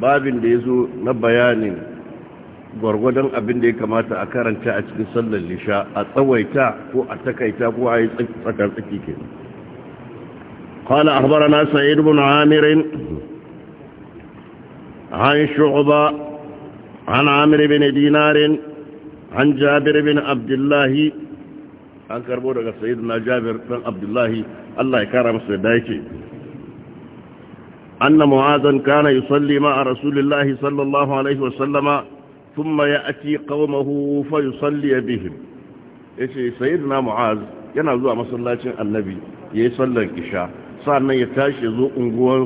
babin da ya zo na bayanin gwargwadon abin da ya kamata a karanta a cikin sallar lisha a tsawaita ko a takaita ko a yi tsakar tsaki ke قال أخبرنا سعيد عن شعبة بن دينار عن جابر بن عبد الله عن كربو سيدنا جابر بن عبد الله الله يكرم سيدنا أن معاذا كان يصلي مع رسول الله صلى الله عليه وسلم ثم يأتي قومه فيصلي بهم yace sayyidina mu'az yana zuwa masallacin annabi yayi sallar isha sannan ya tashi zo unguwar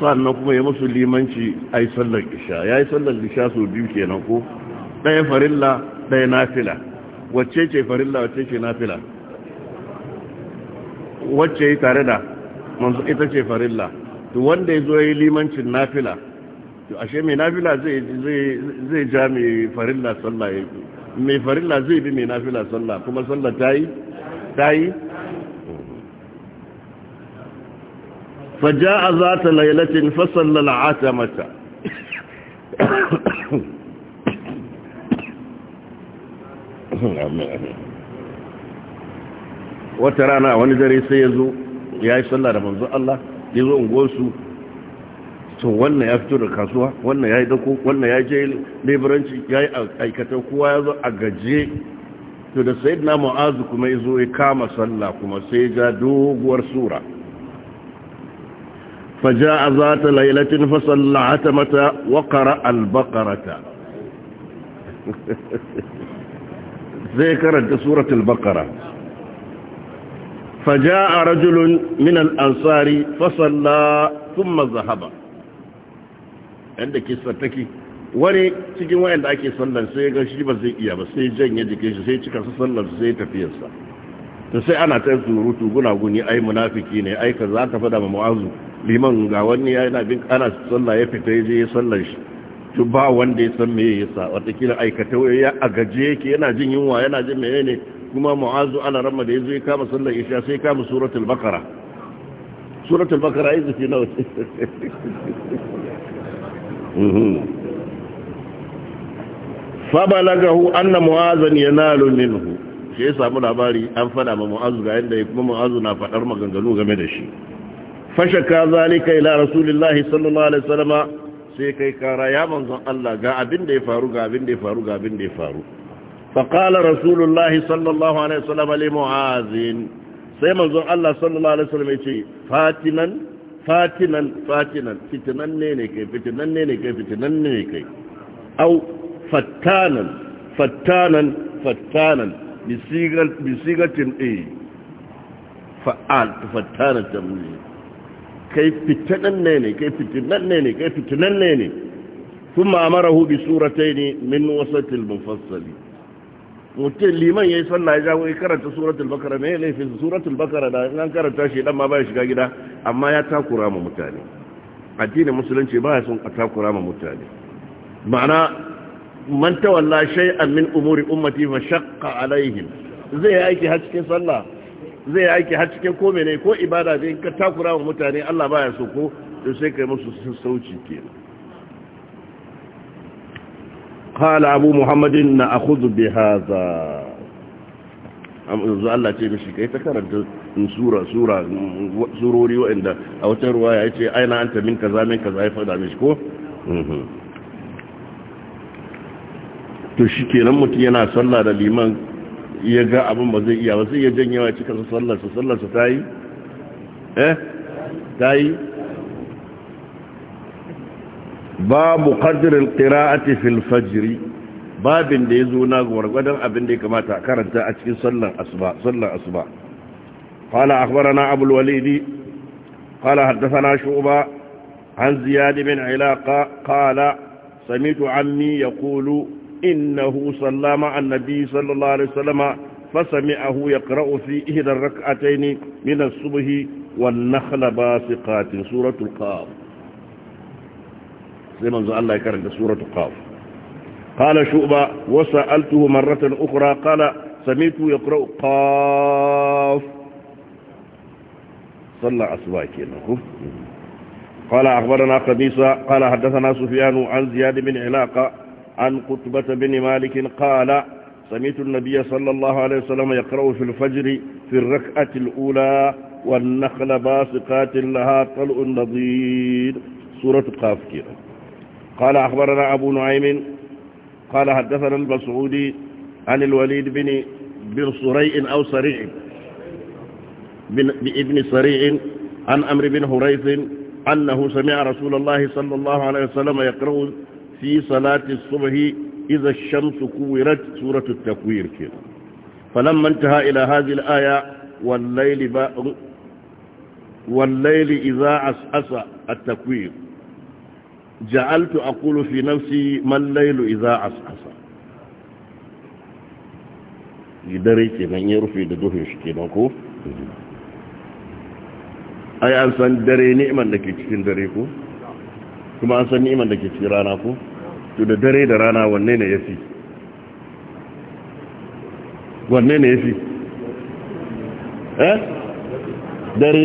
sannan kuma ya musu limanci ai sallar isha yayi sallar isha so biyu kenan ko daya farilla daya nafila wacce ce farilla wacce ce nafila wacce yi tare da manzo ita ce farilla to wanda ya zo ya yi limancin nafila to ashe mai nafila zai ja mai farilla sallah ya mai farilla zai bi mai nafila sallah kuma sallah ta yi ta yi faja'a za ta lailatin fasallar ata mata wata rana wani dare sai ya zo ya yi sallah da manzo Allah ya zo unguwarsu to wannan ya fito da kasuwa wannan ya yi dako wannan ya je leburanci ya yi aikata kowa ya zo a gaje to da sayid na mu'azu kuma ya zo ya kama sallah kuma sai ja doguwar sura faja a za ta lailatin fasalla ta mata waƙara albakarata zai karanta suratul bakara فجاء رجل من الأنصار فصلى ثم ذهب عندك ستكي wani cikin da ake sallar sai ga shi ba zai iya ba sai janye jikin shi sai cika su sallar sai tafiyarsa to sai ana ta guna guni, ai munafiki ne ai ka za ka fada ma mu'azu liman ga wani ya yana bin ana sallah ya fita ya je ya sallar shi to ba wanda ya san me yasa wata kila aikata ya agaje yake yana jin yunwa yana jin menene kuma mu'azu ana ramma da yazo ya kama sallar isha sai kama suratul baqara suratul baqara yanzu fi nawa fa balagahu anna mu'azan yanalu minhu shi ya samu labari an fada ma mu'azu ga yadda kuma mu'azu na fadar maganganu game da shi fashaka zalika ila rasulillahi sallallahu alaihi wasallama sai kai kara ya manzon Allah ga abin da ya faru ga abin da ya faru ga abin da ya faru فقال رسول الله صلى الله عليه وسلم لمعاذ سيما زر الله صلى الله عليه وسلم يقول فاتنا فاتنا فاتنا فتنا نينيكي فتنا نينيكي فتنا نينيكي أو فتانا فتانا فتانا بصيغه بصيغه ايه فعال فتانا تمني كيف فتنا كيف فتنا كيف فتنا ثم أمره بسورتين من وسط المفصلين mutum liman ya yi sallah ya jawo ya karanta suratul bakara mai laifin suratul bakara da an karanta shi dan ma ba shiga gida amma ya takura ma mutane addinin musulunci ba ya son a takura ma mutane ma'ana man tawalla shay'an min umuri ummati fa shaqqa alaihim zai aiki har cikin sallah zai aiki har cikin ko menene ko ibada zai ka takura ma mutane Allah ba ya so ko sai kai musu sauci kenan قال أبو محمد نأخذ بهذا yanzu Allah ce mishi kai ta karanta sura sura surori wa'anda a wata ruwaya yace aina anta min kaza min kaza ya fada mishi ko to shikenan mutum yana sallah da liman ya ga abin ba zai iya ba sai ya janyewa cika sallar sa sallar sa باب قدر القراءة في الفجر باب دي زونا ورغدر ابن دي كما تكرنت اشكي صلى اصبع صلى اصبع قال اخبرنا ابو الوليد قال حدثنا شعبة عن زياد بن علاقة قال سمعت عمي يقول انه صلى مع النبي صلى الله عليه وسلم فسمعه يقرأ في احدى الركعتين من الصبح والنخل باسقات سورة القاف زي انزل الله يكرم سورة قاف قال شؤبة وسألته مرة أخرى قال سمعت يقرأ قاف صلى أسواك قال أخبرنا قميصة قال حدثنا سفيان عن زياد بن علاقة عن قطبة بن مالك قال سمعت النبي صلى الله عليه وسلم يقرأ في الفجر في الركعة الأولى والنخل باسقات لها طلء نضيد سورة قاف كيرا قال أخبرنا أبو نعيم قال حدثنا البسعودي عن الوليد بن بن صريع أو صريع بن ابن صريع عن أمر بن هريث أنه سمع رسول الله صلى الله عليه وسلم يقرأ في صلاة الصبح إذا الشمس كورت سورة التكوير كده فلما انتهى إلى هذه الآية والليل, والليل إذا عسأس التكوير Ja'altu جعلت أقول في نفسي ما الليل إذا عسعس dare kenan ya rufe da duhun shi kenan ko ai an san dare ni'imar da ke cikin dare ko kuma an san ni'imar da ke cikin rana ko to da dare da rana wanne ne yafi wanne ne yafi eh dare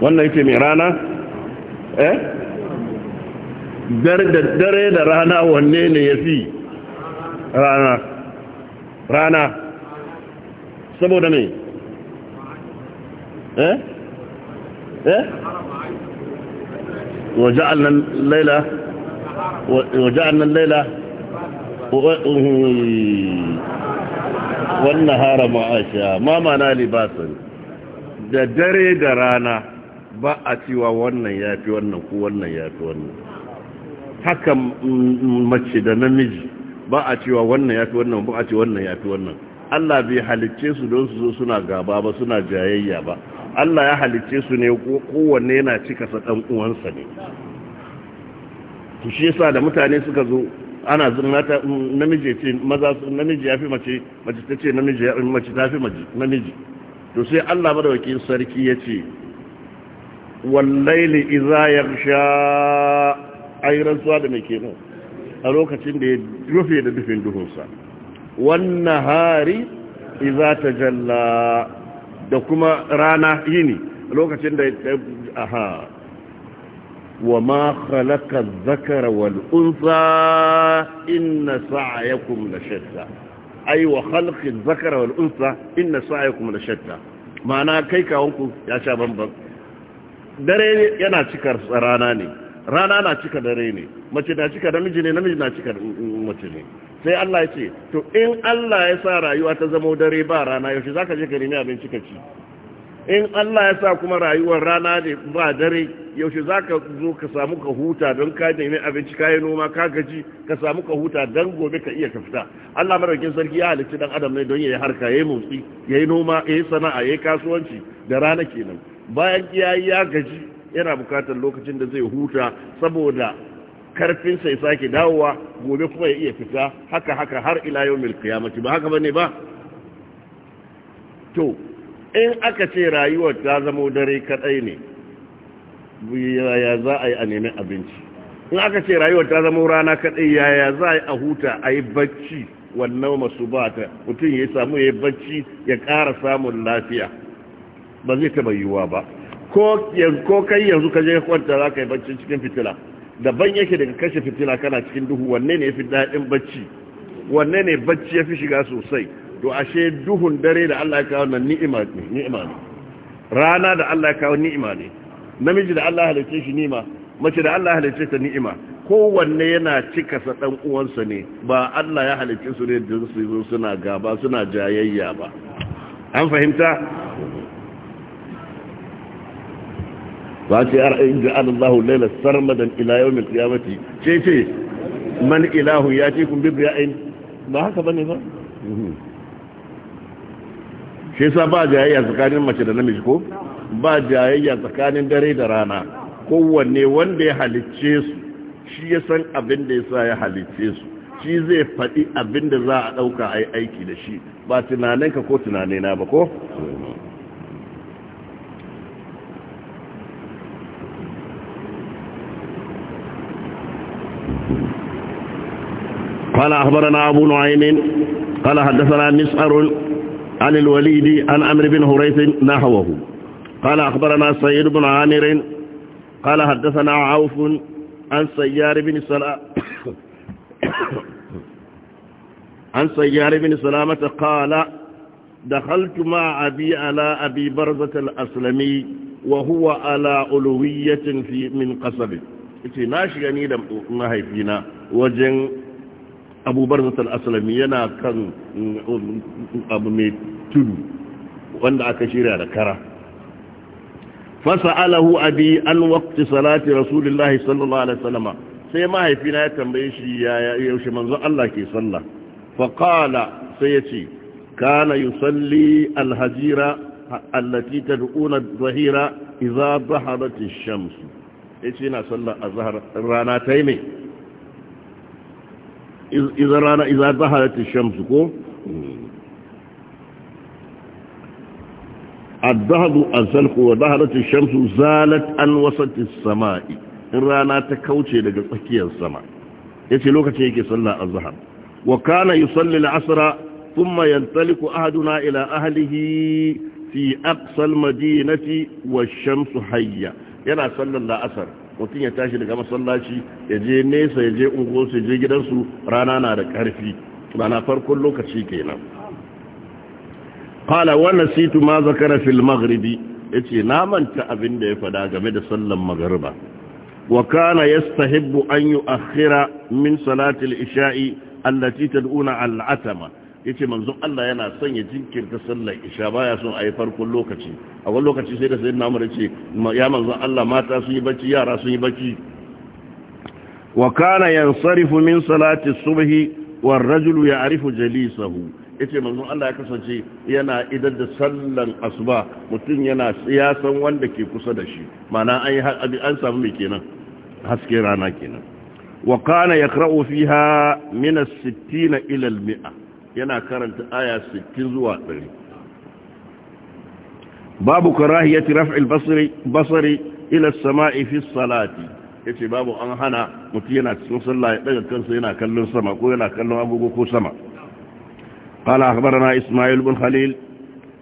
wannan yake mai rana eh dare da rana wanne ne ya fi rana rana saboda me eh eh وجعلنا الليلة وجعلنا الليلة والنهار معاشا ما na لباسا da dare da rana ba a cewa wannan ya fi wannan ko wannan ya fi wannan haka mace da namiji ba a cewa wannan ya fi wannan ba a ce wannan ya fi wannan Allah bai halicce su don su zo suna gaba ba suna jayayya ba Allah ya halicce su ne kowanne yana cika sa ɗan uwansa ne shi yasa da mutane suka zo ana ta namiji ce maza namiji ya fi mace mace ta ce namiji ya mace ta fi namiji to sai Allah madawakin sarki ya ce wallaili iza yaghsha an yi rantsuwa da mai kenan a lokacin da ya rufe da dufin duhunsa wannan hari iza ta jalla da kuma rana yini a lokacin da ya aha wa ma khalaqa dhakara wal unsa inna sa'yakum la shatta ai wa khalqi dhakara wal unsa inna sa'yakum la shatta ma'ana kai kawunku ya sha banban dare yana cikar rana ne rana na cika dare ne mace na cika namiji ne namiji na cika mace ne sai Allah ya ce to in Allah ya sa rayuwa ta zama dare ba rana yaushe zaka je ka nemi abinci ka ci in Allah ya sa kuma rayuwar rana ne ba dare yaushe za ka zo ka samu ka huta don ka nemi abinci yi noma ka gaji ka samu ka huta don gobe ka iya ka fita Allah madaukin sarki ya halitta dan adam ne don yayi harka ya motsi yayi noma yayi sana'a yayi kasuwanci da rana kenan bayan ya ya gaji yana bukatar lokacin da zai huta saboda karfinsa ya sake dawowa gobe kuma ya iya fita haka haka har ila yau mil kiyamati ba haka bane ba to in aka ce rayuwar ta zamo dare kadai ne yaya za a yi a nemi abinci in aka ce rayuwar ta zamo rana kadai yaya za a yi a huta a yi bacci wannan masu ba ta mutum ya samu ya yi bacci ya ƙara samun lafiya ba zai taɓa yiwuwa ba ko kai yanzu ka je kwanta za ka yi bacci cikin fitila daban yake daga kashe fitila kana cikin duhu wanne ne fi daɗin bacci wanne ne bacci ya fi shiga sosai to ashe duhun dare da Allah ya kawo na ni'ima ne ni'ima ne rana da Allah ya kawo ni'ima ne namiji da Allah halice shi ni'ima mace da Allah halice ta ni'ima kowanne yana cika sa dan uwansa ne ba Allah ya halice su ne da su suna gaba suna jayayya ba an fahimta ba ce yar in ja'ala Allahu laila sarmadan ila yawm al-qiyamati ce ce man ilahu kun bi ayin ba haka bane ba mhm. shi sa ba jayayya tsakanin mace da namiji ko ba jayayya tsakanin dare da rana kowanne wanda ya halicce su shi ya san abin da yasa ya halicce su shi zai faɗi abin da za a ɗauka a yi aiki da shi ba tunaninka ko tunanina ba ko? قال أخبرنا أبو نعيم قال حدثنا مسعر عن الوليد عن عمرو بن هريث نحوه قال أخبرنا سيد بن عامر قال حدثنا عوف عن سيار بن سلام عن سيار بن سلامة قال دخلت مع أبي على أبي برزة الأسلمي وهو على ألوية في من قصبه ناشي يعني لم نهي فينا وجن abubuwar zatar asalami yana kan mm, abu mai tudu wanda aka shirya da kara Alahu abi an waqti salati rasulullahi sallallahu alaihi wasallama sai mahaifina ya tambaye shi yaushe manzo Allah ke sallah fa sai yace kana salli alhajira allati tad'una adh-dhahira idha dhaharat ash-shams yace yana sallah a rana yi ne idan rana idan ta shamsu ko الذهب الزلق وظهرت الشمس زالت عن وسط السماء in rana ta kauce daga tsakiyar sama yace lokacin yake sallar azhar wa kana yusalli al-asr thumma yantaliku ahaduna ila ahlihi fi aqsa al-madinati wash-shamsu hayya yana sallar al mutum ya tashi daga masallaci ya je nesa ya je unguwarsu ya je gidansu rana na da ƙarfi rana farkon lokaci kenan qala wa nasitu ma zakara fil Ya yace na manta abin da ya fada game da sallan magriba wa kana yastahibbu an yu'akhkhira min salati ishai allati tad'una al ya ce manzon Allah yana son ya jinkirta sallar isha baya son a yi farkon lokaci a wani lokaci sai da sai na mura ce ya manzon Allah mata sun yi bacci yara sun yi bacci wa kana yansarifu min salati subhi war rajulu ya'rifu jalisahu yace manzon Allah ya kasance yana idan da sallar asuba mutum yana ya san wanda ke kusa da shi ma'ana an an samu me kenan haske rana kenan wa kana yaqra'u fiha min as-sittina ila al-mi'a yana karanta aya 60 zuwa 100 babu karahiyati raf'i al basri basri ila as-sama'i fi as-salati yace babu an hana mutum yana cikin sallah ya daga kansa yana kallon sama ko yana kallon abugo ko sama قال أخبرنا إسماعيل بن خليل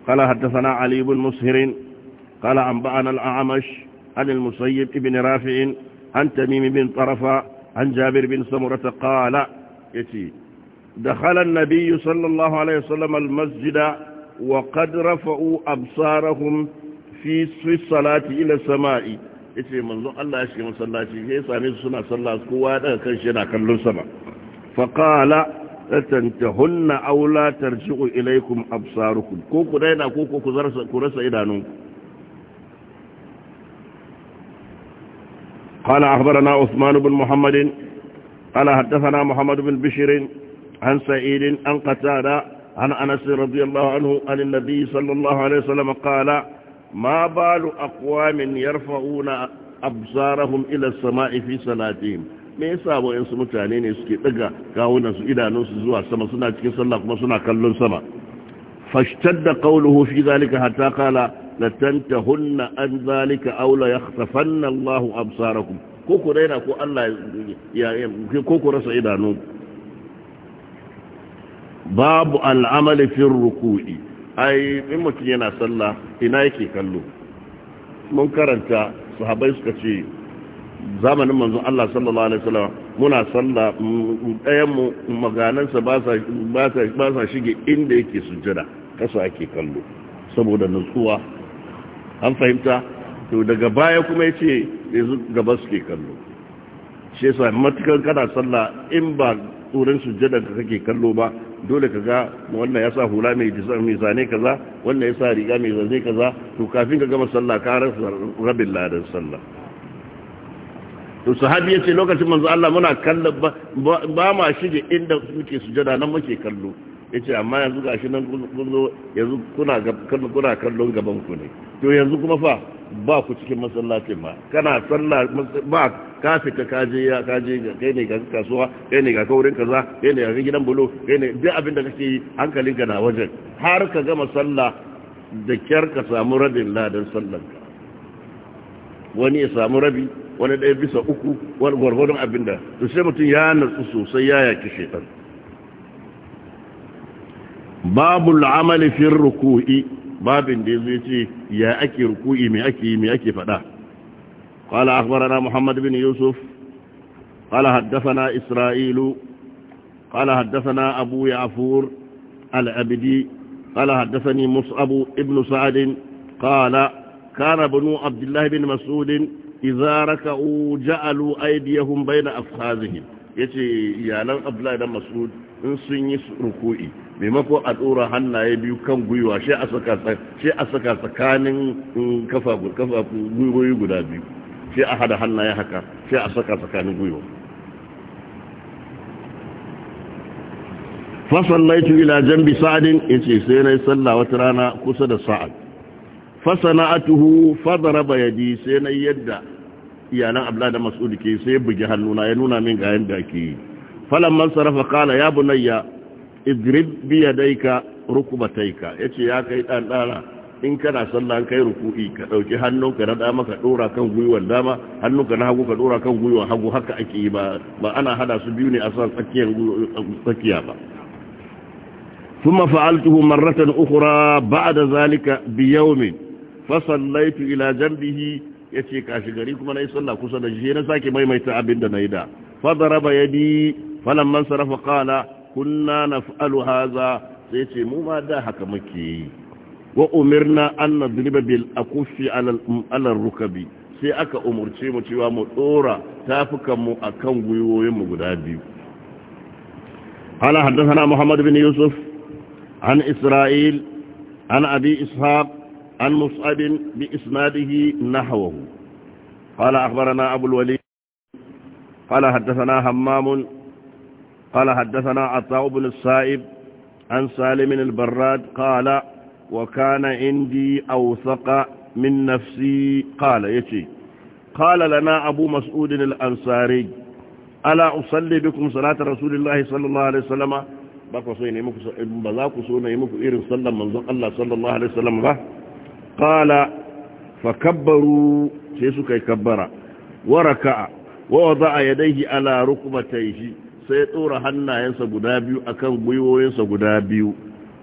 قال حدثنا علي بن مسهر قال أنبأنا الأعمش عن المسيب بن رافع عن تميم بن طرفة عن جابر بن سمرة قال يتي دخل النبي صلى الله عليه وسلم المسجد وقد رفعوا أبصارهم في الصلاة إلى السماء yace manzon Allah shi masallaci sai same su suna sallah kowa da kan shi yana kallon sama fa qala tantahunna aw la tarji'u ilaykum absarukum ko ku daina ko ku ku zarsa ku rasa idanun qala akhbarana Uthman ibn Muhammadin qala Muhammad عن سعيد عن قتادة عن أنس رضي الله عنه عن النبي صلى الله عليه وسلم قال ما بال أقوام يرفعون أبصارهم إلى السماء في صلاتهم me yasa wayansu mutane ne suke daga kawunan su idanun su zuwa sama suna cikin sallah kuma suna kallon sama fashtadda qawluhu fi zalika hatta qala latantahunna an zalika aw la yakhsafanna Allahu absarakum ko ku daina ko Allah ya ko ku rasa idanu? babu al'amali fin ruku'i ai in mutum yana sallah ina yake kallo mun karanta habai suka ce zamanin manzu Allah sallallahu alaihi wasallam muna sallah ɗayan mu maganansa ba sa shige inda yake sujjada kasu ake kallo saboda nutsuwa an fahimta to daga baya kuma yace yanzu gaba suke kallo shi yasa matukar kana sallah in ba tsoron sujjada ka kake kallo ba dole ka ga wannan ya sa hula mai zane ka za, wannan ya sa riga mai zane ka za, to kafin ka gama sallah ka rasa rabin ladan sallah to sahabi ce lokacin manzo Allah muna kallon ba ma shige inda muke sujada nan muke kallo yace amma yanzu gashi nan kun zo yanzu kuna kallon gaban ku ne to yanzu kuma fa ba ku cikin masallacin ba kana sallah ba ka fita ka je ya ka kai ne ga kasuwa kai ne ga kaurin kaza kai ne ga gidan bulo kai ne duk abin da kake yi ka na wajen har ka gama sallah da kyar ka samu rabin ladan sallan ka wani ya samu rabi wani ɗaya bisa uku wani gwargwadon abin da to sai mutum ya natsu sosai ya yaki shaitan باب العمل في الركوع باب ديزيتي يا اكي ركوعي مي اكي مي اكي فدا قال اخبرنا محمد بن يوسف قال حدثنا اسرائيل قال حدثنا ابو يعفور الابدي قال حدثني مصعب ابن سعد قال كان بنو عبد الله بن مسعود إذا ركعوا جعلوا أيديهم بين أفخاذهم yace iyalan abdullahi dan mas'ud in sun yi ruku'i maimako a tsora hannaye biyu kan gwiwa shi a saka tsakanin mm, kafa gwiwoyi guda biyu shi a hada hannaye haka shi a saka tsakanin gwiwa laitu ila jambi sa'adin yace sai na yi sallah wata rana kusa da sa'ad fasana'atuhu fadara bayadi sai na yadda iyalan abla da mas'udi ke sai bugi hannuna ya nuna min ga yanda ake yi man sarafa kala ya bunayya idrib yadayka rukubataika yace ya kai dan dana in kana sallah kai ruku'i ka dauki hannunka na dama ka dora kan gwiwar dama hannunka na hagu ka dora kan gwiwar hagu haka ake yi ba ba ana hada su biyu ne a san tsakiyar tsakiya ba ثم فعلته مرة أخرى بعد ذلك بيوم فصليت ila جنبه ya ce kashi gari kuma na yi sallah kusa da shi na sake maimaita abin da na yi da fadaraba ya bi falamman sarrafa kala kunna na fa'alu haza sai ce mu ma da haka muke yi wa umirna an na duriba bil akufi alar rukabi sai aka umarce mu cewa mu dora tafukanmu a kan gwiwoyinmu guda biyu قال حدثنا محمد بن Yusuf, an Isra'il, an أبي إسحاق عن مصعب بإسناده نحوه قال أخبرنا أبو الوليد قال حدثنا همام قال حدثنا عطاء بن السائب عن سالم البراد قال وكان عندي أوثق من نفسي قال يتي قال لنا أبو مسعود الأنصاري ألا أصلي بكم صلاة رسول الله صلى الله عليه وسلم بقى صيني مكو بذاكو صيني مكو إيري صلى منزق الله صلى الله عليه وسلم بقى qala fakabbaru sai suka yi kabbara wa raka'a wa wada'a yadayhi ala rukbatayhi sai tsora hannayensa guda biyu akan gwiwoyinsa guda biyu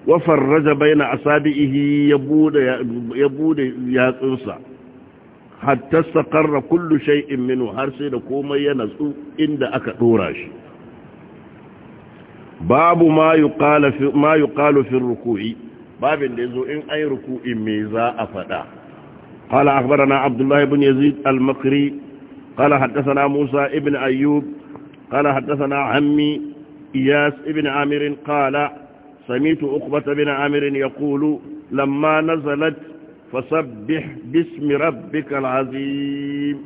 wa farraja baina asabihi ya bude ya bude yatsunsa hatta saqarra kullu shay'in minhu har sai da komai ya natsu inda aka dora shi babu ma yuqala fi ma yuqalu fi ruku'i babin da ya zo in an yi ruku’i mai za a faɗa. Hala akbar na Abdullahi bin Yazid al-Makri, kala haddasa Musa ibn Ayyub, kala haddasa na Hammi, Iyas ibn Amirin kala, Samitu Ukbata bin Amirin ya kulu, lamma na zalat, fasabbih bismi rabbikal azim.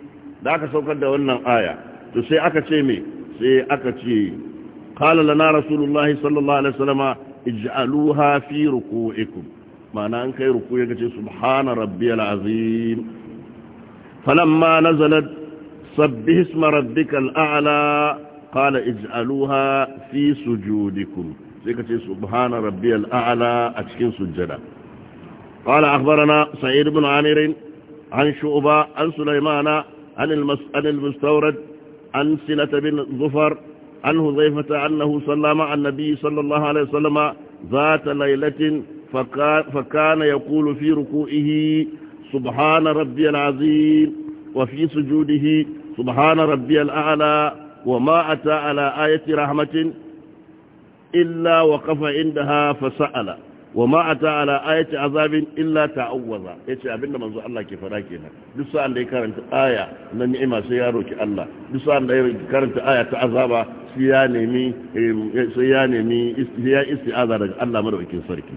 Da aka saukar da wannan aya, to sai aka ce mai, sai aka ce, kala lana Rasulullahi sallallahu Alaihi wasallama, اجعلوها في ركوعكم معنى أنك ركوعك سبحان ربي العظيم فلما نزلت سبه اسم ربك الأعلى قال اجعلوها في سجودكم سبحان ربي الأعلى أتكين سجدا قال أخبرنا سعيد بن عامر عن شعبة عن سليمان عن المستورد عن سلة بن ظفر عن هزيفة أنه صلى مع النبي صلى الله عليه وسلم ذات ليلة فكان, يقول في ركوئه سبحان ربي العظيم وفي سجوده سبحان ربي الأعلى وما أتى على آية رحمة إلا وقف عندها فسأل wa ma ata ala ayati azabin illa ta'awwaza yace abinda manzo Allah ke fara kenan duk sa'an da ya karanta aya na ni'ima sai ya roki Allah duk sa'an da ya karanta aya ta azaba sai ya nemi eh, sai ya nemi isti'aza daga Allah madaukakin sarki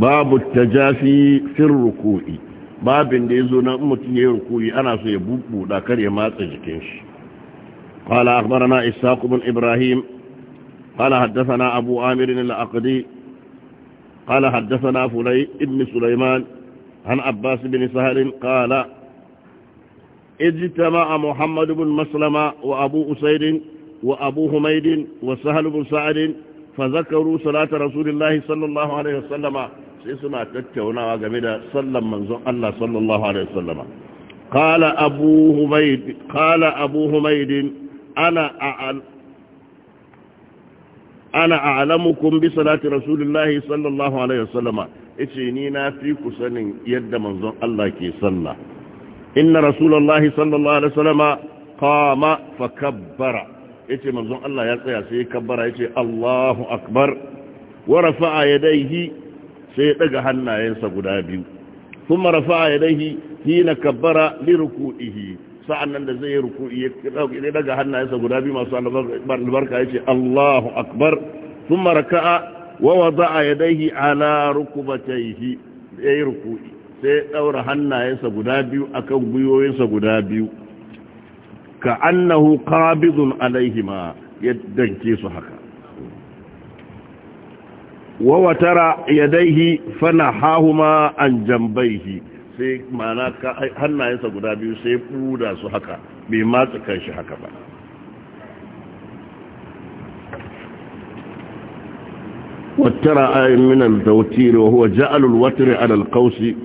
babu tajafi fi ruku'i babin da yazo na mutum yayin ruku'i ana so ya bubbuda kar ya matsa jikin shi qala akhbarana ishaq ibn ibrahim قال حدثنا أبو عامر العقدي قال حدثنا فلي ابن سليمان عن عباس بن سهل قال اجتمع محمد بن مسلمة وأبو أسيد وأبو حميد وسهل بن سعد فذكروا صلاة رسول الله صلى الله عليه وسلم سيسنا تتونا وقمنا صلى منزو الله صلى الله عليه وسلم قال أبو حميد قال أبو حميد أنا أعلم ana a'lamukum bi salati rasulillahi sallallahu alaihi wasallama yace ni na fi ku sanin yadda manzon Allah ke sallah inna rasulullahi sallallahu alaihi wasallama qama fakabbara yace manzon Allah ya tsaya sai kabbara yace Allahu akbar wa rafa'a yadayhi sai daga hannayensa guda biyu kuma rafa'a yadayhi hina kabbara li ruku'ihi sa'an nan da zai yi ruku'i ya daga hannayensa guda biyu masu albarka ya ce Allahu akbar sun maraka'a wa wada'a yadaihi ala rukubataihi ya yi ruku'i sai ya ɗaura hannayensa guda biyu akan gwiwoyinsa guda biyu ka annahu qabidun alaihima ya danke su haka wa ya yadaihi fanahahuma an jambaihi sai mana hannayensa guda biyu sai ya su haka bai matsa kanshi haka ba wattara ayin minan tautiri wa ja'alul watri ala alqausi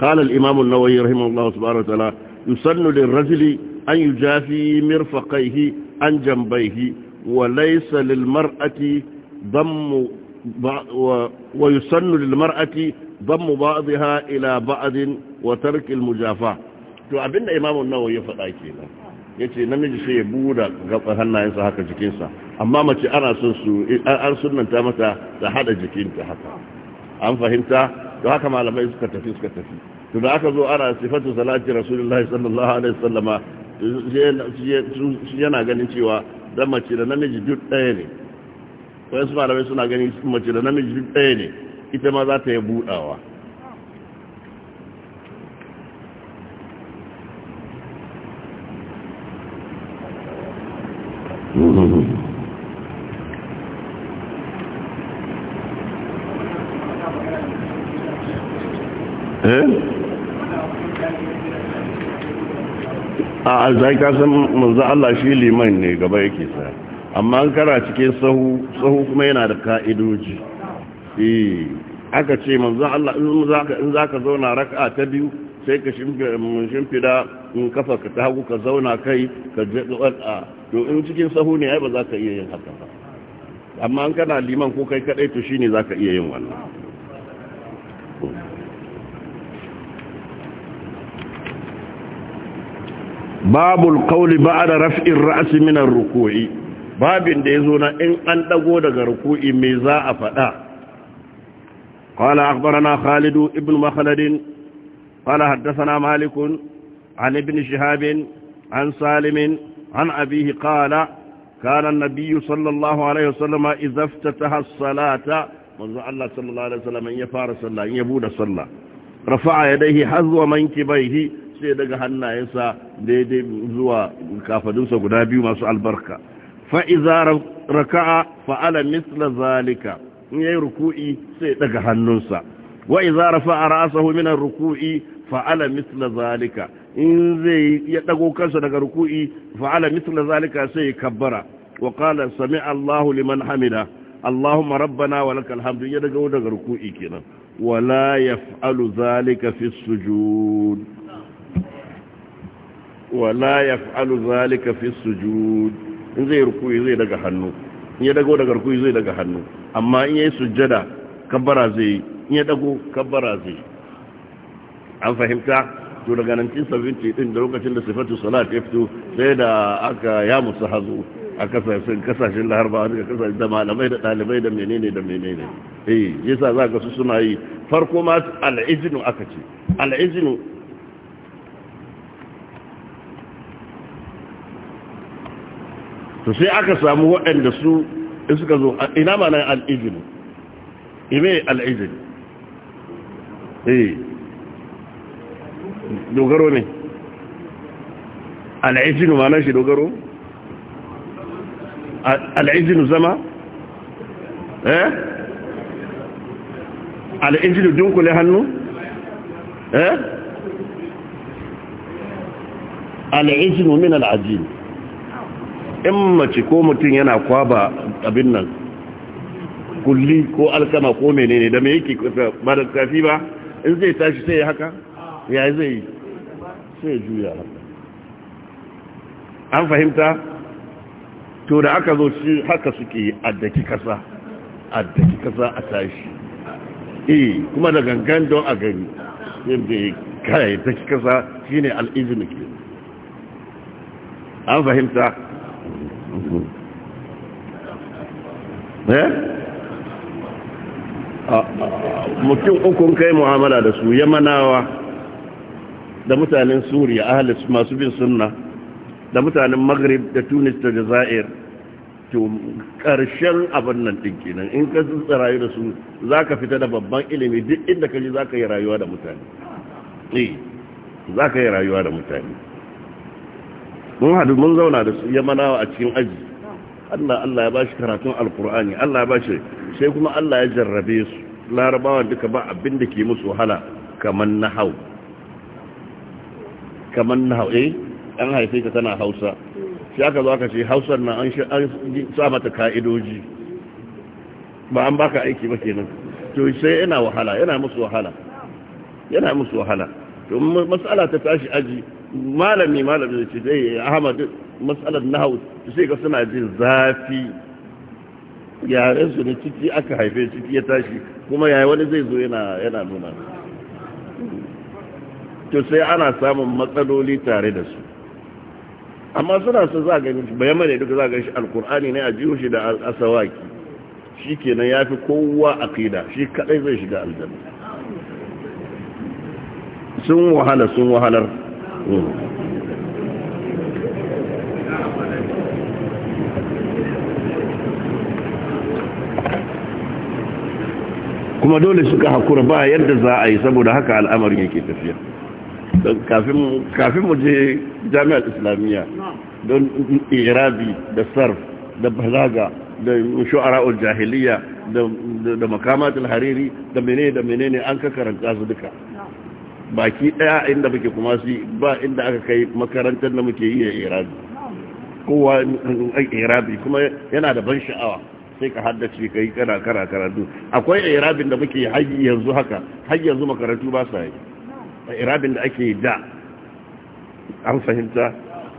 qala al-imamu an-nawawi rahimahullahu subhanahu wa ta'ala yusannu lir-rajuli an yujafi mirfaqaihi an janbayhi wa laysa lil-mar'ati dammu wa yusannu lil-mar'ati Ban mu ila بعضها إلى بعض وترك المجافاة to abinda Imam imamun nawawi ya faɗa kenan yace namiji sai ya buda gaban hannayensa haka jikinsa amma mace ana son su an sunnanta mata ta hada jikinta haka an fahimta to haka malamai suka tafi suka tafi to da aka zo ana sifatu salati rasulullahi sallallahu alaihi wasallama yana ganin cewa dan mace da namiji duk ɗaya ne wasu malamai suna ganin mace da namiji duk ɗaya ne ita ma za ta yi budawa eh? a alzai kasan manzo Allah shi liman ne gaba yake sa amma an kara cikin sahu sahu kuma yana da ka'idoji Eh, aka ce manzo Allah in ka in ka zauna raka'a ta biyu sai ka eh, shimfida in kafa ka ta hagu ka zauna kai ka jaɗuwar wata to in cikin sahu ne ai ba za ka iya yin haka ba amma an kana liman ko kai kaɗai to shine za ka iya yin wannan babul qawli ba'da raf'ir ra's min ar-ruku'i babin da yazo na in an dago daga ruku'i me za a faɗa قال أخبرنا خالد ابن مخلد قال حدثنا مالك عن ابن شهاب عن سالم عن أبيه قال كان النبي صلى الله عليه وسلم إذا افتتح الصلاة منذ الله صلى الله عليه وسلم إن يفار صلى إن يبود صلى رفع يديه حذو منكبيه سيدك هنا يسا ديدي زوا كافدوسا قدابي ومسوا البركة فإذا ركع فعل مثل ذلك in yayi ruku'i sai daga hannunsa wa idza rafa'a ra'sahu min ar-ruku'i fa'ala mithla zalika in zai ya dago kansa daga ruku'i fa'ala mithla zalika sai kabbara wa qala sami'a Allahu liman hamida Allahumma rabbana wa lakal hamdu ya dago daga ruku'i kenan wala yaf'alu zalika fi sujud wala yaf'alu zalika fi sujud in zai ruku'i zai daga hannu in ya dago daga rukuyi zai daga hannu amma in ya yi sujjada kabbara zai yi in ya dago kabbara zai yi an fahimta to daga 1970 din da lokacin da sifatu salat ya fito sai da aka ya musu hazo a kasashen kasashen laharba wani kasashen da malamai da dalibai da menene da menene eh yasa za ka su suna yi farko ma al'izinu aka ce al'izinu to sai aka samu waɗanda su suka zo ina ma nan al'ijin ime al'ijin eh dogaro ne al'ijin ma nan shi dogaro al'ijin zama eh al'ijin dunkule hannu eh al'ijin min al'ajini in mace ko mutum yana kwaba abin nan kulli ko alkama ko menene da me yake ba da kafi ba in zai tashi sai haka ya zai sai juya haka an fahimta to da aka zo shi haka suke addaki kasa addaki kasa a tashi eh kuma da gangan don a gari, yadda kai take kasa shine al'izini ke an fahimta Eh? mutum ukun kai mu'amala da su yamanawa da mutanen suriya ahalis masu bin sunna da mutanen maghrib da tunis da jazair to karshen abin nan din nan in ka rayu da su za ka fita da babban ilimi duk inda ka ji za ka yi rayuwa da mutane eh, za ka yi rayuwa da mutane mun hadu mun zauna da su yamanawa a cikin aji Allah Allah ya bashi karatun alkur'ani Allah ya bashi sai kuma Allah ya jarrabe su larabawa duka ba abin da ke musu wahala kaman nahau kaman nahau eh an haife ta tana Hausa shi aka zo aka ce Hausar na an sa mata ka'idoji ba an baka aiki ba kenan to sai yana wahala yana musu wahala yana musu wahala to mas'ala ta tashi aji malami malami ce dai ahmad matsalar nahawu sai ga suna jin zafi yaren su ne ciki aka haife ciki ya tashi kuma yayi wani zai zo yana yana nuna to sai ana samun matsaloli tare da su amma suna su za ga shi bayan mai duka za ga shi alkur'ani ne a jiho shi da asawaki shi kenan ya fi kowa aqida shi kadai zai shiga aljanna sun wahala sun wahalar kuma dole suka hakura ba yadda za a yi saboda haka al'amarin yake tafiya Don kafin mu je jami'ar islamiyya don irabi da sarf da balaga da shu'ara'ul jahiliya da makamatul hariri da menene da menene an ka karanta su duka baki daya inda muke kuma shi ba inda aka kai makarantar da muke yi a irabi kowa irabi kuma yana da ban sha'awa sai ka haddace ka yi kana kara karatu akwai irabin da muke haji yanzu haka haji yanzu makarantu ba sa yi a irabin da ake da an fahimta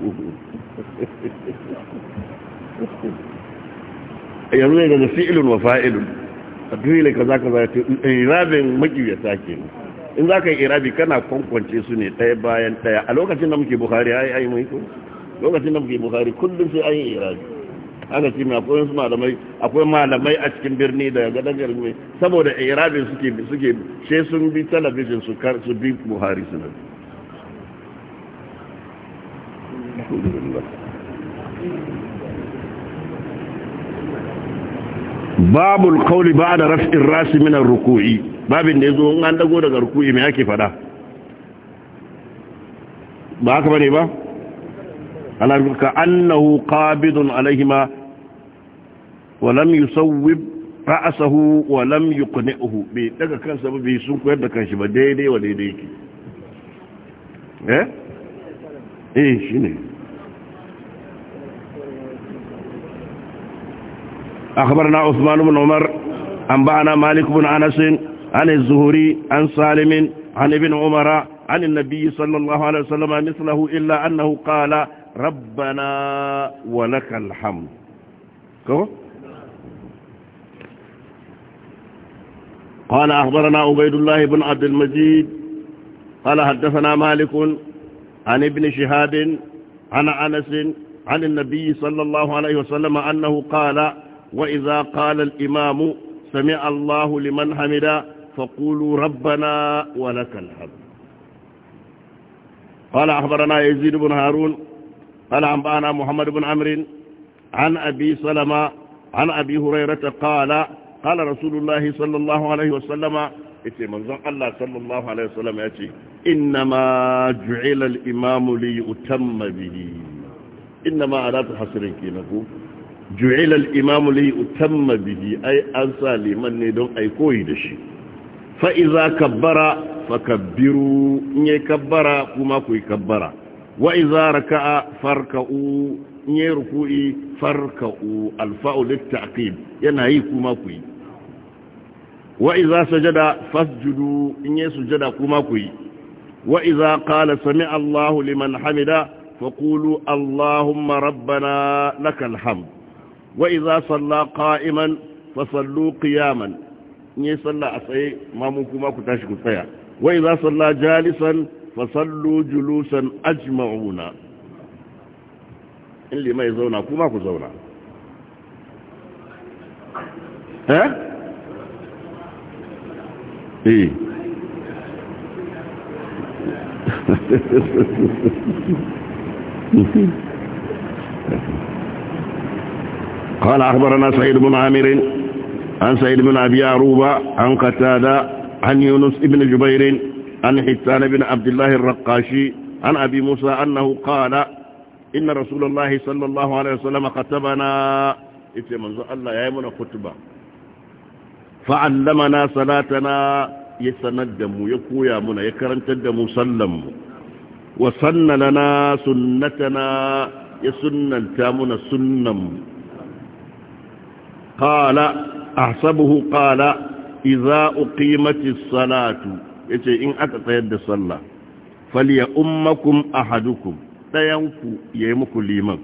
yanzu ne daga fi'ilun wa fa'ilun a duk ne kaza kaza irabin makiyata kenan in za ka yi irabi kana kwankwance su ne ɗaya bayan ɗaya a lokacin da muke buhari ya yi mai ko lokacin da muke buhari kullum sai an yi irabi aka ce mai akwai wasu malamai akwai malamai a cikin birni da gadon garin saboda irabi suke suke sai sun bi talabijin su kar su bi buhari suna babul qawli ba'da da rasi min ar-ruku'i babin da ya zo an dago daga rukuni mai ake fada ba haka bane ba alamurka annahu qabidun alaihima wa lam yusawwib ra'sahu wa lam yuqni'uhu bai daga kansa ba bai sun koyar da kanshi ba daidai wa daidai yake eh eh shine أخبرنا عثمان بن عمر أنبأنا مالك بن أنس عن الزهري عن سالم عن ابن عمر عن النبي صلى الله عليه وسلم مثله إلا أنه قال ربنا ولك الحمد كو؟ قال أخبرنا عبيد الله بن عبد المجيد قال حدثنا مالك عن ابن شهاب عن أنس عن النبي صلى الله عليه وسلم أنه قال وإذا قال الإمام سمع الله لمن حمده فقولوا ربنا ولك الحمد قال أخبرنا يزيد بن هارون قال أنبأنا محمد بن عمرو عن أبي سلمة عن أبي هريرة قال قال رسول الله صلى الله عليه وسلم ite manzon Allah sallallahu alaihi wasallam ya ce innama ju'ila al-imam li yutamma bihi innama alatu hasrin kinaku ju'ila al-imam li yutamma bihi ai an sa liman ne don ai koyi da shi fa'iza kabbara fakabbiru in yi kabbara kuma ku yi kabbara wa'iza raka'a farka'u in yi ruku'i farka'u alfa'u littaqib yana yi kuma ku yi wa'iza sajada fasjudu in yi sujada kuma ku yi wa'iza kala sami Allahu liman hamida fakulu allahumma ربنا لك ham wa'iza صلى قائما فصلوا قياما in yi sallah a tsaye mamun kuma ku tashi ku tsaya wai za sallah jalisan fasallu julusan ajma'una in limai zauna kuma ku zauna eh eh قال أخبرنا سعيد بن عامر عن سيد بن أبي عروبة عن قتادة عن يونس بن جبير عن حسان بن عبد الله الرقاشي عن أبي موسى أنه قال إن رسول الله صلى الله عليه وسلم خطبنا إتي منذ الله يأمنا خطبة فعلمنا صلاتنا يسندم يكويا منا يكرنتدم سلم وسن لنا سنتنا يسنن تامنا سنم قال ahsabuhu qala idza uqimatis salatu yace in aka tsayar da sallah falya ummakum ahadukum dayanku yayi muku liman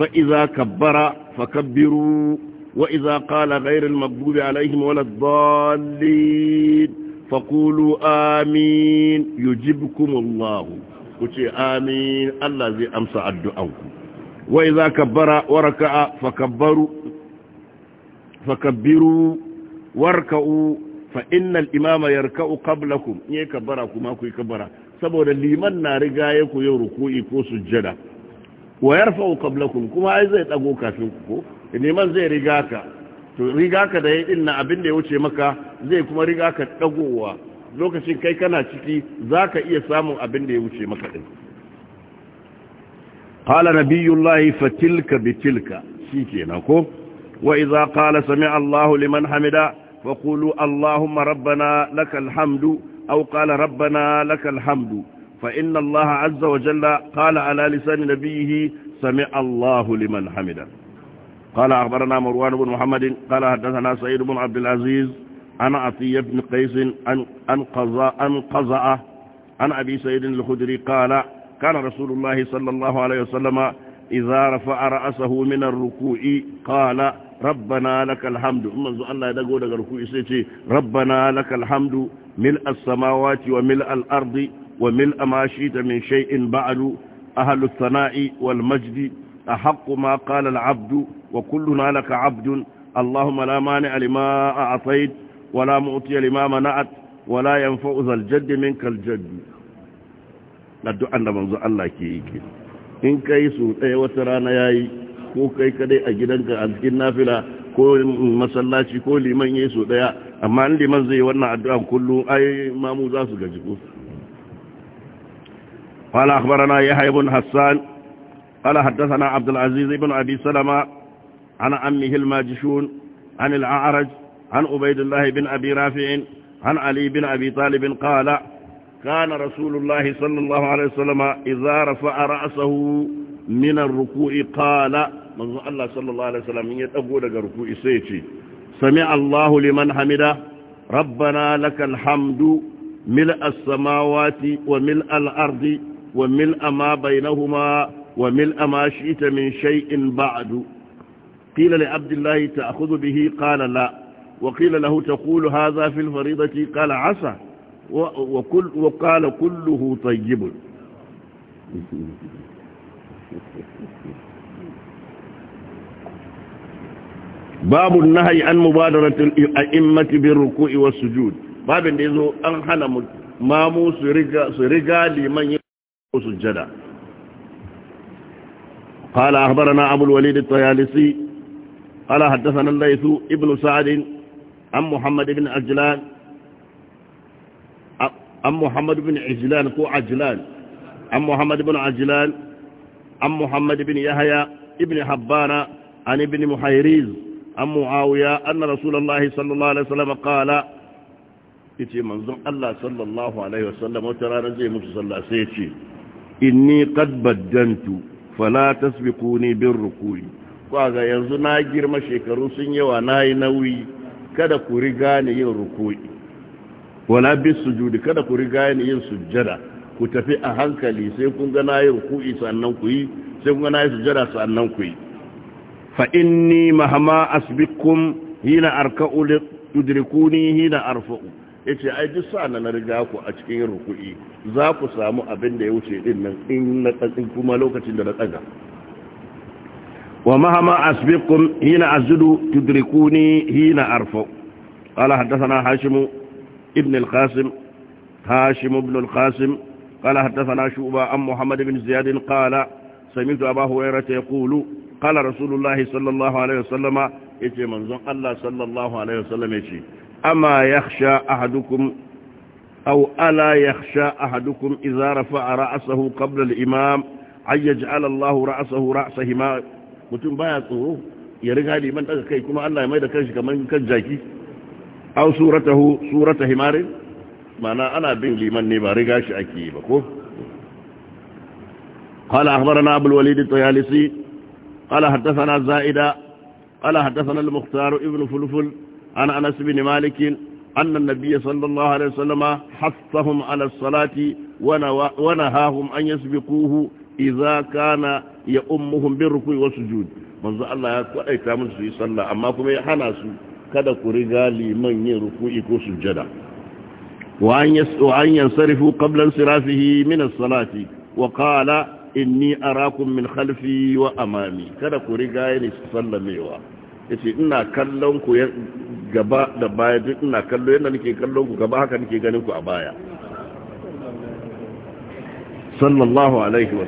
fa idza kabbara fakabbiru wa idza qala ghayril maghdubi alaihim waladdallin faqulu amin yujibkumullahu kuce amin Allah zai amsa addu'anku wa idza kabbara wa raka'a fakabbaru fakabbiru warka'u fa innal imama yarka'u qablakum ne kabbara kuma ku yi kabbara saboda liman na riga ya ku yau ruku'i ko sujjada wa yarfa'u qablakum kuma ai zai dago kafin ku ko liman zai riga ka to riga ka da inna abin da ya wuce maka zai kuma riga ka dagowa lokacin kai kana ciki zaka iya samun abin da ya wuce maka din qala nabiyullahi fatilka bitilka shikenan ko وإذا قال سمع الله لمن حمد فقولوا اللهم ربنا لك الحمد أو قال ربنا لك الحمد فإن الله عز وجل قال على لسان نبيه سمع الله لمن حمد قال أخبرنا مروان بن محمد قال حدثنا سعيد بن عبد العزيز عن عطية بن قيس عن قضاء عن أبي سعيد الخدري قال كان رسول الله صلى الله عليه وسلم إذا رفع رأسه من الركوع قال rabbana lakal hamdu in manzo Allah ya dago daga ruku'i sai ce rabbana lakal hamdu mil as-samawati wa mil al-ardi wa mil ma shi'ta min shay'in ba'du ahlus sana'i wal majdi أحق ما قال العبد وكلنا لك عبد اللهم لا مانع لما أعطيت ولا مؤتي لما منعت ولا ينفع ذا الجد منك الجد لدو أن منظر in kai su كيسو wata rana yayi. ko kai kadai a gidanka a cikin nafila ko masallaci ko liman yesu daya amma an liman zai wannan addu'an kullum ai mamu za su gaji ko قال أخبرنا يحيى بن حسان قال حدثنا عبد العزيز بن أبي سلمة عن أمه الماجشون عن الأعرج عن عبيد الله بن أبي رافع عن علي بن أبي طالب قال كان رسول الله صلى الله عليه وسلم إذا رفع رأسه من الركوع قال من الله صلى الله عليه وسلم يتقول لك ركوع سيتي سمع الله لمن حمده ربنا لك الحمد ملء السماوات وملء الأرض وملء ما بينهما وملء ما شئت من شيء بعد قيل لعبد الله تأخذ به قال لا وقيل له تقول هذا في الفريضة قال عسى وكل وقال كله طيب babu nahayi an mubadaratul a'immati bir ruku'i was sujud babu da yazo an hana mamu su riga liman yin sujjada قال أخبرنا أبو الوليد الطيالسي قال حدثنا الليث ابن سعد عن محمد بن عجلان عن محمد بن عجلان كو عجلان عن محمد بن عجلان عن محمد بن Ibn ابن حبان عن ابن محيريز عن معاوية أن رسول الله صلى الله عليه وسلم قال yace manzon Allah sallallahu alaihi wasallam wata rana zai mutu sallah sai yace inni qad baddantu bin tasbiquni bir ruku'i kaga yanzu na girma shekaru sun yawa nayi nauyi kada ku riga ni yin ruku'i wala bis sujudi kada ku riga ni yin sujjada ku tafi a hankali sai kun ga nayi ruku'i sannan ku yi sai kun ga nayi sujada sannan ku yi fa inni mahama asbikum hina arka'u tudrikuni hina arfa'u yace ai duk sa'an na riga ku a cikin ruku'i za ku samu abin da ya wuce din nan in na tsatsin kuma lokacin da na tsaga ومهما أسبقكم هنا أسجد تدركوني هنا أرفع قال حدثنا هاشم ابن القاسم هاشم بن القاسم قال حدثنا شعبة عن محمد بن زياد قال سمعت أبا هريرة يقول قال رسول الله صلى الله عليه وسلم يتي منزون الله صلى الله عليه وسلم يتي أما يخشى أحدكم أو ألا يخشى أحدكم إذا رفع رأسه قبل الإمام أن يجعل الله رأسه رأس هماء mutum baya tsoro ya riga liman daga kai kuma Allah ya mai da kanshi kamar kan jaki aw suratahu surata himarin mana ana bin liman ne ba riga shi ake yi ba ko قال أخبرنا أبو الوليد الطيالسي قال حدثنا الزائدة قال حدثنا المختار ابن فلفل عن أنس بن مالك أن النبي صلى الله عليه وسلم حثهم على الصلاة ونهاهم أن يسبقوه إذا كان يأمهم بالركوع والسجود منذ الله يقول أي تامل سيصلى أما كما يحنى kada ku riga liman yin ruku'i ko sujjada وأن ينصرفوا قبل انصرافه من الصلاة وقال إني أراكم من خلفي وأمامي كذا كوريغاين سلميوا yace ina kallon ku gaba da baya duk ina kallo yadda nake kallon ku gaba haka nake ganin ku a baya sallallahu alaihi wa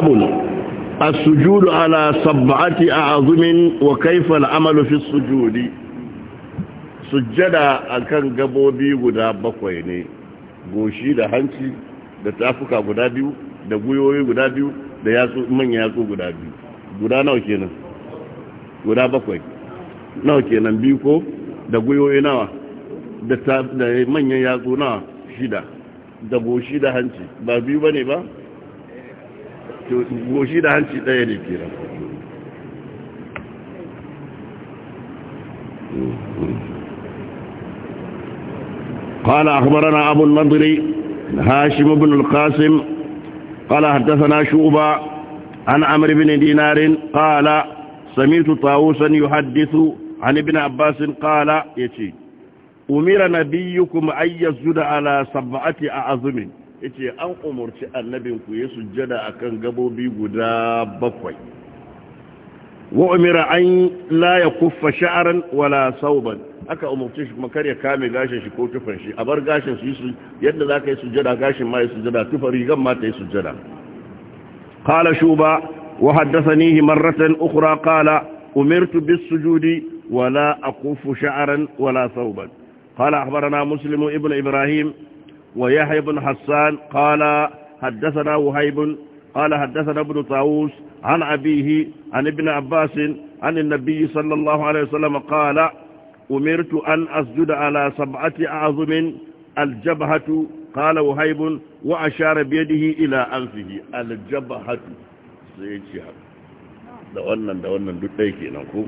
sallam ne. السجود على سبعة أعظم وكيف العمل في السجود سجدا أكن قبوبي قدا بقويني قوشي دا هنشي دا تافكا قدا بيو دا قيوي قدا دا ياسو من ياسو قدا بيو قدا نو كينا قدا بقوي نو كينا بيوكو دا قيوي نوا دا من ياسو نوا شدا da goshi da hanci ba biyu ba ba goshi da hanci ɗaya ne kira قال أخبرنا أبو النضر هاشم بن القاسم قال حدثنا شعبة عن عمرو بن دينار قال سمعت طاووسا يحدث عن ابن عباس قال يتي أمر نبيكم أن يسجد على سبعة أعظم yace an umurci annabinku ya sujjada akan gabobi guda bakwai wa umira an la yakuffa sha'ran wala sauban aka umarci shi makar ya kame gashin shi ko tufan shi a bar gashin shi su yadda zaka yi sujjada gashin ma yi sujjada tufan rigan ma ta yi sujjada qala shuba wa haddathanihi marratan ukhra qala umirtu bis sujudi wala aquffu sha'ran wala sauban qala akhbarana muslimu Ibn ibrahim ويحيى بن حسان قال حدثنا وهيب قال حدثنا ابن طاووس عن أبيه عن ابن عباس عن النبي صلى الله عليه وسلم قال أمرت أن أسجد على سبعة أعظم الجبهة قال وهيب وأشار بيده إلى أنفه الجبهة سيجهد da wannan da wannan duk ɗai kenan ko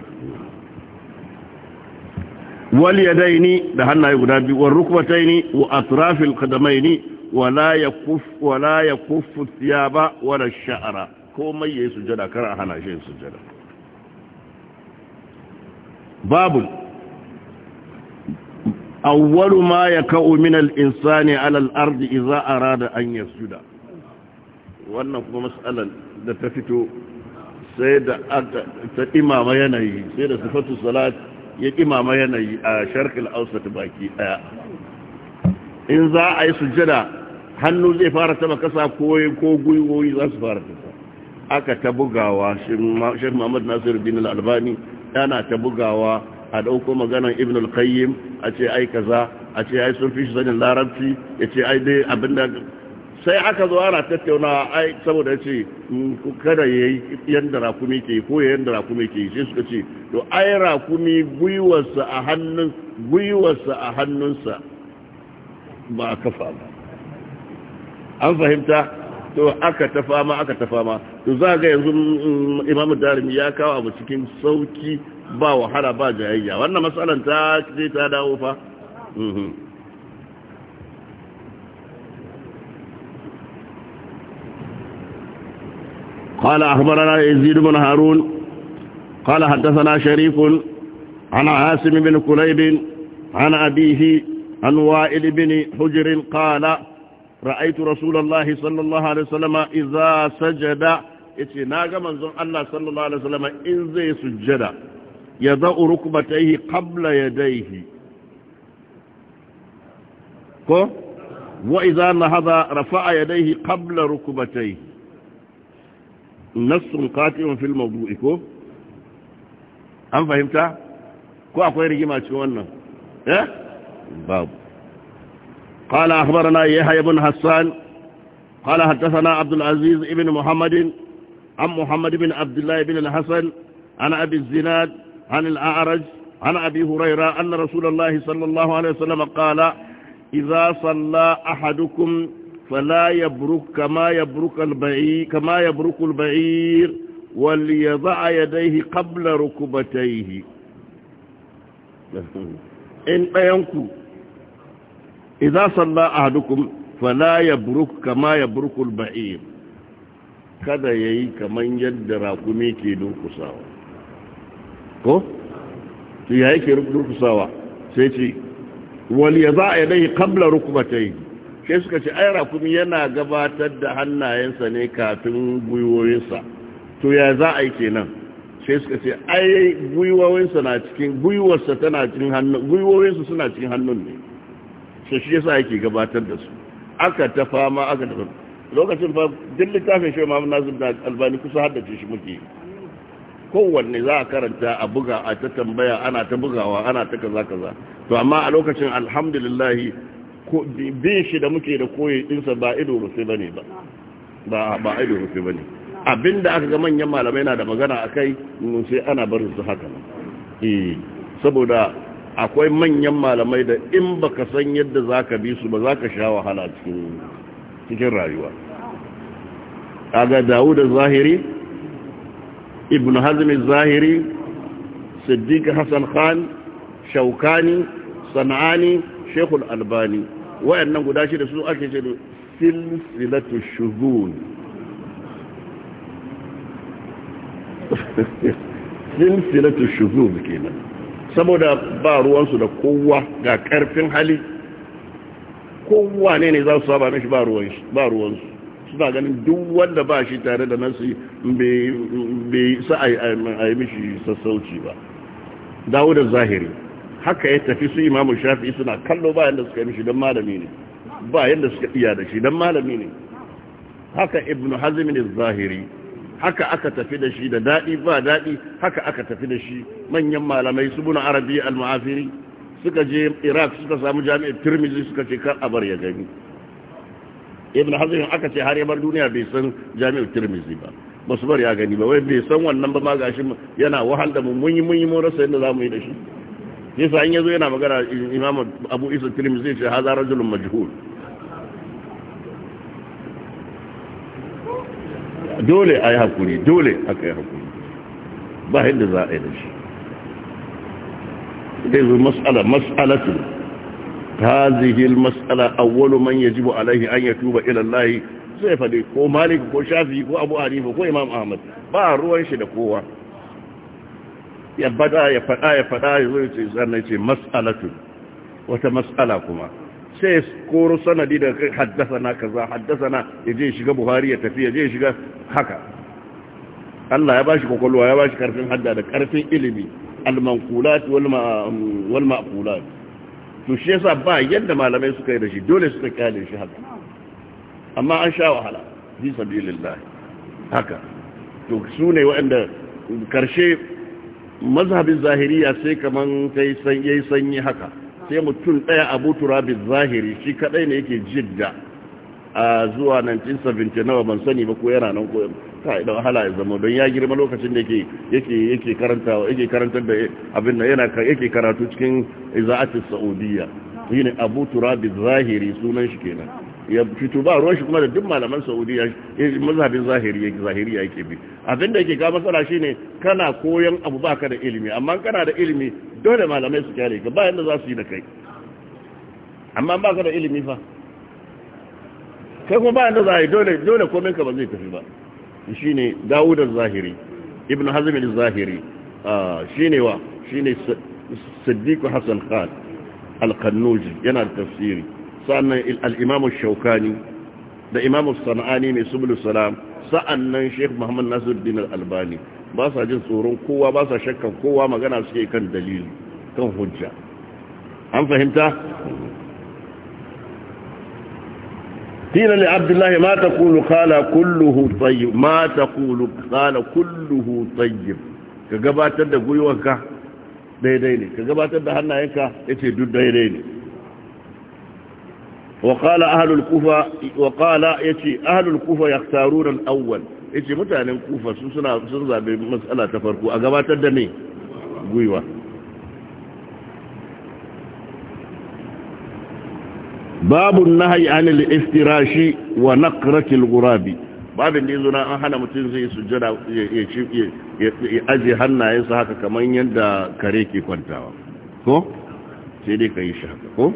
wal yadaini da hannaye guda biyu wal rukbataini wa atrafil qadamaini wala yakuff wala yakuff ba wala sha'ara. komai yi sujada kar a hana shi sujada babul awwalu ma ya kau minal insani alal al-ardi idza arada an yasjuda wannan kuma mas'alan da ta fito sai da ta imama yanayi sai da sifatu salat ya kimama yanayi a sharkil ausat baki daya in za a yi sujada hannu zai fara taba kasa ko ko gwiwoyi za su fara taba aka ta bugawa shek muhammad nasir bin al-albani yana ta bugawa a dauko maganan ibn al-qayyim a ce ai kaza a ce ai sun fi shi sanin larabci ya ce ai dai abinda sai aka zo ana tattauna ai saboda ce mm, kada ya yi yadda rakumi ke ko ya yadda rakumi ke sai suka ce to ai rakumi gwiwarsa a hannun gwiwarsa a hannunsa ba a kafa ba an fahimta to aka ta fama aka ta fama to za ga yanzu mm, imamu darimi ya kawo abu cikin sauki ba wahala ba jayayya wannan matsalan ta ce ta dawo fa mm-hmm. قال أخبرنا يزيد بن هارون قال حدثنا شريف عن عاصم بن كليب عن أبيه عن وائل بن حجر قال رأيت رسول الله صلى الله عليه وسلم إذا سجد اتناغ منظر الله صلى الله عليه وسلم إن زي سجد يضع ركبتيه قبل يديه وإذا نهض رفع يديه قبل ركبتيه نص قاطع في الموضوع إيه كو فهمت كو اكو akwai ما تشو wannan ها باب قال أخبرنا يحيى بن حسان قال حدثنا عبد العزيز ابن محمد عن محمد بن عبد الله بن الحسن عن أبي الزناد عن الأعرج عن أبي هريرة أن رسول الله صلى الله عليه وسلم قال إذا صلى أحدكم فلا يبرك كما يبرك البعير كما يبرك البعير وليضع يديه قبل ركبتيه إن بينكم إذا صلى أحدكم فلا يبرك كما يبرك البعير kada ya yi kamar yadda rakumi ke durkusawa ko? su ya yake durkusawa sai ce wal ya za a yi kabla rukumatai sai suka ce ai rakumi yana gabatar da hannayensa ne kafin gwiwoyinsa to ya za a yi kenan sai suka ce ai gwiwoyinsa na cikin gwiwarsa tana cikin hannun gwiwoyinsa suna cikin hannun ne sai shi yasa yake gabatar da su aka ta fama aka ta lokacin fa duk littafin shi Muhammad Nazir da Albani kusa haddace shi muke kowanne za a karanta a buga a ta tambaya ana ta bugawa ana ta kaza kaza to amma a lokacin alhamdulillah bin shi da muke da koyi dinsa ba ido rufe bane ba ba ba ido rufe bane abinda aka ga manyan malamai na da magana akai mun sai ana barin su haka eh saboda akwai manyan malamai da in baka san yadda zaka bi su ba zaka sha wahala cikin cikin rayuwa aga Dawud az-Zahiri Ibn Hazmi zahiri Siddiq Hassan Khan Shaukani Sanani Shekhul albani wayannan guda shi shida su ake ce da silsilatu shuzun silsilatu shuzun kenan saboda ba ruwansu da kowa ga karfin hali kowa ne ne za su saba mishi ba ruwansu suna ganin duk wanda ba shi tare da nasu bai sa a yi mishi sassauci ba dawo da zahiri haka ya tafi su imamu shafi suna kallo ba yadda suka yi mishi don malami ne ba yadda suka iya da shi don malami ne haka ibn hazmin zahiri haka aka tafi da shi da daɗi ba daɗi haka aka tafi da shi manyan malamai su buna arabi al-ma'afiri suka je iraq suka samu jami'ar tirmizi suka ce kar abar ya gani ibn hazmin aka ce har yabar duniya bai san jami'ar tirmizi ba ba su bar ya gani ba wai bai san wannan ba ma gashi yana wahal da mu mun yi mun yi mun rasa yadda za mu yi da shi sai an yazo yana magana imam abu isa tirmidhi zai ce hadha rajulun majhul dole yi hakuri dole aka yi hakuri ba yadda za a yi da shi zai zo mas'ala mas'alatu ta al-mas'ala awwalu man yajibu alayhi an yatuba ila Allah sai fadi ko malik ko shafi ko abu hanifa ko imam ahmad ba ruwan shi da kowa ya bada ya fada ya fada ya zo ce sannan ce mas'alatu wata mas'ala kuma sai koro sanadi da haddasana kaza haddasana ya je shiga buhari ya tafi ya je shiga haka Allah ya bashi kokolwa ya bashi karfin hadda da karfin ilimi almankulat um, wal ma'qulat to shi yasa ba yadda malamai suka yi da shi dole suka kalle shi haka amma an sha wahala fi sabilillah haka to sune karshe mazhabin zahiriya sai kaman kai san yayi sanyi haka sai mutum daya Abu Turabin zahiri shi kadai ne yake jidda a zuwa 1970 ban sani ba ko yana nan ko ta idan wahala ya zama don ya girma lokacin da yake yake karanta yake karantar da abin nan yana yake karatu cikin iza'atis saudiyya shine Abu Turabin zahiri sunan shi kenan ya fito ba ruwan shi kuma da duk malaman saudiya mazhabin zahiri zahiri yake bi abin da yake ga matsala shine kana koyon abu baka da ilimi amma kana da ilimi dole malamai su kyale ka bayan da za su yi da kai amma baka da ilimi fa kai kuma bayan da za a yi dole dole komai ka ba zai tafi ba shine dawud zahiri ibn hazm zahiri zahiri shine wa shine siddiq hasan khan al yana da tafsiri sa'annan al shaukani da imam sana'ani mai subul salam sa'annan sheikh muhammad nasiruddin al-albani ba sa jin tsoron kowa ba sa shakkan kowa magana suke kan dalil kan hujja an fahimta قيل لعبد الله kulu تقول قال كله طيب ما تقول قال كله طيب ka gabatar da gwiwanka daidai ne ka gabatar da hannayenka ya ce duk daidai ne وقال أهل الكوفة وقال يتي أهل الكوفة يختارون الأول يتي متعنى الكوفة سنسنا سنزع بمسألة تفرقوا أقبات الدمي قويوة باب النهي عن الافتراش ونقرة الغراب باب da yanzu na an hana mutum zai sujjada ya aje hannayensa haka kamar yadda kare ke kwantawa ko sai dai ka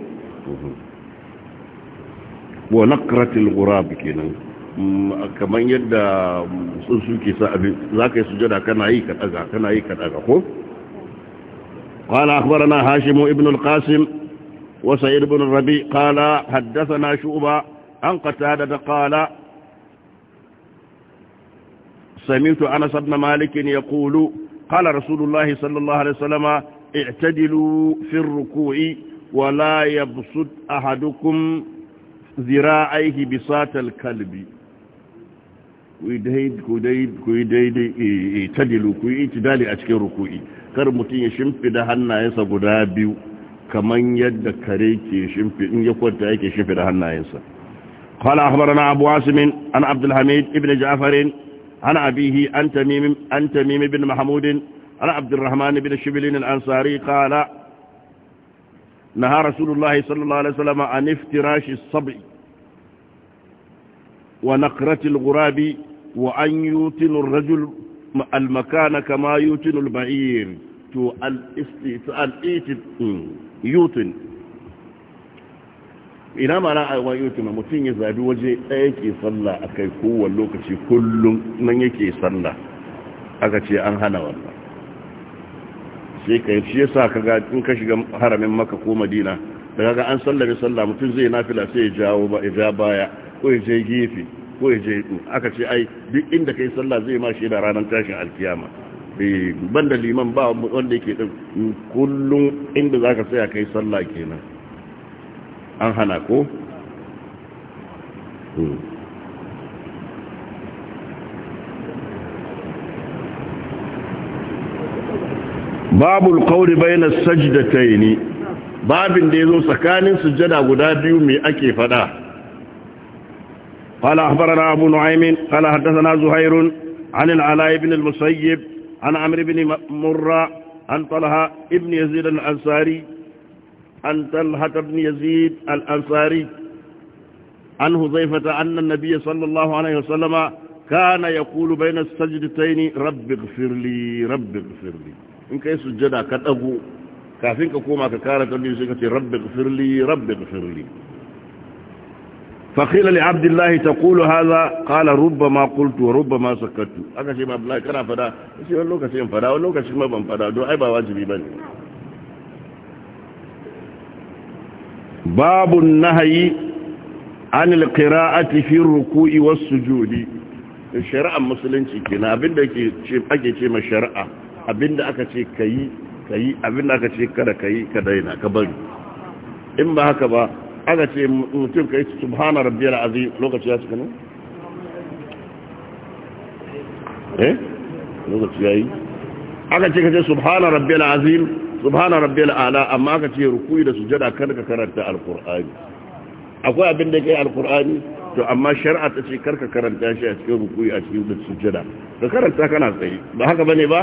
ونقره الغراب al كما kenan kamar سابي sun suke كان abin zaka كان sujada kana قال أخبرنا هاشم ابن القاسم وسعيد بن الربيع قال حدثنا شعبة عن قتادة قال سمعت أنس بن مالك يقول قال رسول الله صلى الله عليه وسلم اعتدلوا في الركوع ولا يبسط أحدكم zira'aihi bisatal kalbi kuyi daidai ta dilu ku itidali a cikin ruku'i kar mutum ya shimfida hannayensa guda biyu kamar yadda kare ke shimfi in ya kwanta yake shimfida hannayensa قال أخبرنا أبو عاصم عن عبد الحميد ابن جعفر عن أبيه عن تميم, عن تميم بن محمود عن عبد الرحمن بن الشبلين الأنصاري قال نهى رسول الله صلى الله عليه وسلم عن افتراش الصبع ونقرة الغراب وأن يوتن الرجل المكان كما يوتن البعير يوتن ina mana a wani yau mutum ya zabi waje ɗaya yake sallah a kai kowane lokaci kullum nan yake sallah aka ce an hana wani sai ka shi yasa kaga in ka shiga haramin maka ko madina da ga an sallame sallah mutum zai nafila sai ya jawo ba ya baya ko ya je gefe ko ya je aka ce ai duk inda kai sallah zai ma shi da ranar tashin alkiyama eh, ban da liman ba wanda yake din kullum inda zaka tsaya kai sallah kenan an hana ko hmm. باب القول بين السجدتين باب ان da سكان سجدة غدا بيو مي اكي فدا قال اخبرنا ابو نعيم قال حدثنا زهير عن العلاء بن المسيب عن عمرو بن مرة عن طلحة ابن يزيد الأنصاري عن طلحة بن يزيد الأنصاري عن هزيفة أن النبي صلى الله عليه وسلم كان يقول بين السجدتين رب اغفر لي رب اغفر لي in kai sujjada ka dago kafin ka koma ka kara biyu sai ka ce rabbi gfirli rabbi gfirli فقيل لعبد الله تقول هذا ma ربما قلت ma sakatu aka ce ma abdullahi kana fada sai wani lokaci in fada wani lokaci ma ban fada don ai ba wajibi bane babu nahyi an alqira'ati fi ruku'i was sujudi shari'a musulunci kenan abinda ke ce ake ce ma shari'a abinda aka ce ka yi ka yi abinda aka ce kada ka yi ka daina ka bari in ba haka ba aka ce mutum ka yi subhana rabbiyal azim lokaci ya cika ne eh lokaci ya yi aka ce ka ce subhana rabbiyal azim subhana rabbiyal ala amma aka ce ruku'i da sujada kada ka karanta alqur'ani akwai abin da kai alqur'ani to amma shari'a ta ce karka karanta shi a cikin ruku'i a cikin sujada ka karanta kana tsaye ba haka bane ba